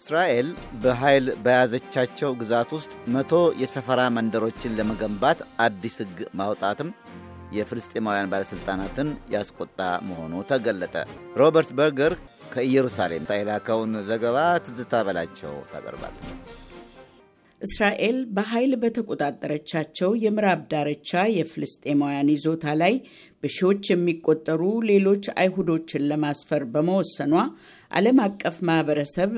እስራኤል በኃይል በያዘቻቸው ግዛት ውስጥ መቶ የሰፈራ መንደሮችን ለመገንባት አዲስ ሕግ ማውጣትም የፍልስጤማውያን ባለሥልጣናትን ያስቆጣ መሆኑ ተገለጠ። ሮበርት በርገር ከኢየሩሳሌም የላከውን ዘገባ ትዝታ በላቸው ታቀርባለች። እስራኤል በኃይል በተቆጣጠረቻቸው የምዕራብ ዳርቻ የፍልስጤማውያን ይዞታ ላይ በሺዎች የሚቆጠሩ ሌሎች አይሁዶችን ለማስፈር በመወሰኗ ዓለም አቀፍ ማህበረሰብ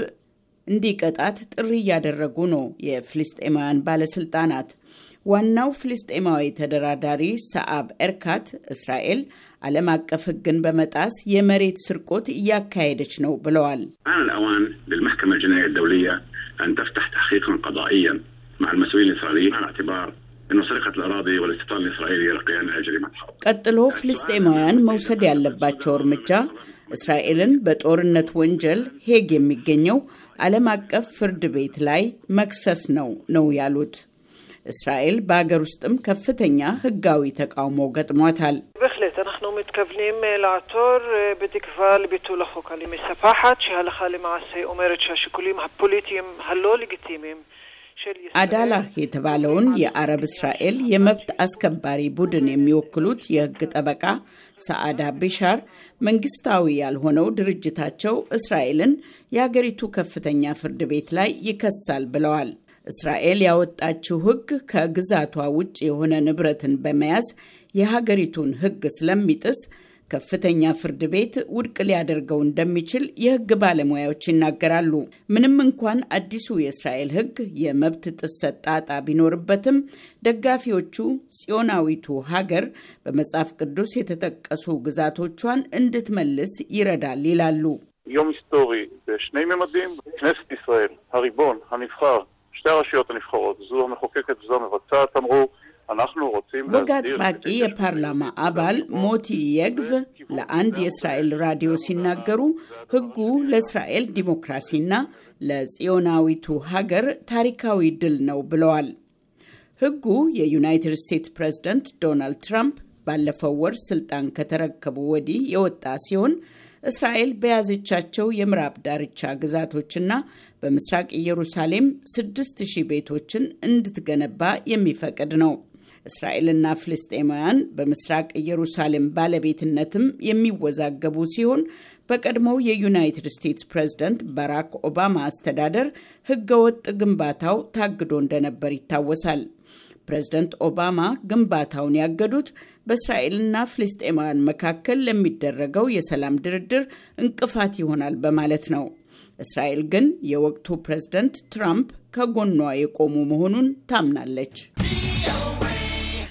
እንዲቀጣት ጥሪ እያደረጉ ነው የፍልስጤማውያን ባለስልጣናት። ዋናው ፍልስጤማዊ ተደራዳሪ ሰአብ ኤርካት እስራኤል ዓለም አቀፍ ሕግን በመጣስ የመሬት ስርቆት እያካሄደች ነው ብለዋል። أن تفتح تحقيقا قضائيا مع المسؤولين الإسرائيليين على اعتبار እነሱ ርቀት ለራዲ ወለስልጣን እስራኤል የረቀያን አጅሪማ ቀጥሎ ፍልስጤማውያን መውሰድ ያለባቸው እርምጃ እስራኤልን በጦርነት ወንጀል ሄግ የሚገኘው ዓለም አቀፍ ፍርድ ቤት ላይ መክሰስ ነው ነው ያሉት። እስራኤል በአገር ውስጥም ከፍተኛ ሕጋዊ ተቃውሞ ገጥሟታል። מתכוונים לעתור בתקווה לביטול החוק. אני מספחת שהלכה למעשה אומרת שהשיקולים הפוליטיים הלא לגיטימיים አዳላህ የተባለውን የአረብ እስራኤል የመብት አስከባሪ ቡድን የሚወክሉት የህግ ጠበቃ ሰዓዳ ቢሻር መንግስታዊ ያልሆነው ድርጅታቸው እስራኤልን የአገሪቱ ከፍተኛ ፍርድ ቤት ላይ ይከሳል ብለዋል። እስራኤል ያወጣችው ሕግ ከግዛቷ ውጭ የሆነ ንብረትን በመያዝ የሀገሪቱን ሕግ ስለሚጥስ ከፍተኛ ፍርድ ቤት ውድቅ ሊያደርገው እንደሚችል የሕግ ባለሙያዎች ይናገራሉ። ምንም እንኳን አዲሱ የእስራኤል ሕግ የመብት ጥሰት ጣጣ ቢኖርበትም ደጋፊዎቹ ጽዮናዊቱ ሀገር በመጽሐፍ ቅዱስ የተጠቀሱ ግዛቶቿን እንድትመልስ ይረዳል ይላሉ። שתי הרשויות הנבחרות, זו המחוקקת וזו המבצעת, אמרו, אנחנו רוצים ወጋት להסדיר... ባቂ የፓርላማ አባል ሞቲ የግቭ ለአንድ የእስራኤል ራዲዮ ሲናገሩ ሕጉ ለእስራኤል ዲሞክራሲና ለጽዮናዊቱ ሀገር ታሪካዊ ድል ነው ብለዋል። ሕጉ የዩናይትድ ስቴትስ ፕሬዝደንት ዶናልድ ትራምፕ ባለፈው ወር ስልጣን ከተረከቡ ወዲህ የወጣ ሲሆን እስራኤል በያዘቻቸው የምዕራብ ዳርቻ ግዛቶችና በምስራቅ ኢየሩሳሌም 6000 ሺህ ቤቶችን እንድትገነባ የሚፈቅድ ነው። እስራኤልና ፍልስጤማውያን በምስራቅ ኢየሩሳሌም ባለቤትነትም የሚወዛገቡ ሲሆን በቀድሞው የዩናይትድ ስቴትስ ፕሬዝደንት ባራክ ኦባማ አስተዳደር ሕገወጥ ግንባታው ታግዶ እንደነበር ይታወሳል። ፕሬዝደንት ኦባማ ግንባታውን ያገዱት በእስራኤልና ፍልስጤማውያን መካከል ለሚደረገው የሰላም ድርድር እንቅፋት ይሆናል በማለት ነው። እስራኤል ግን የወቅቱ ፕሬዝደንት ትራምፕ ከጎኗ የቆሙ መሆኑን ታምናለች።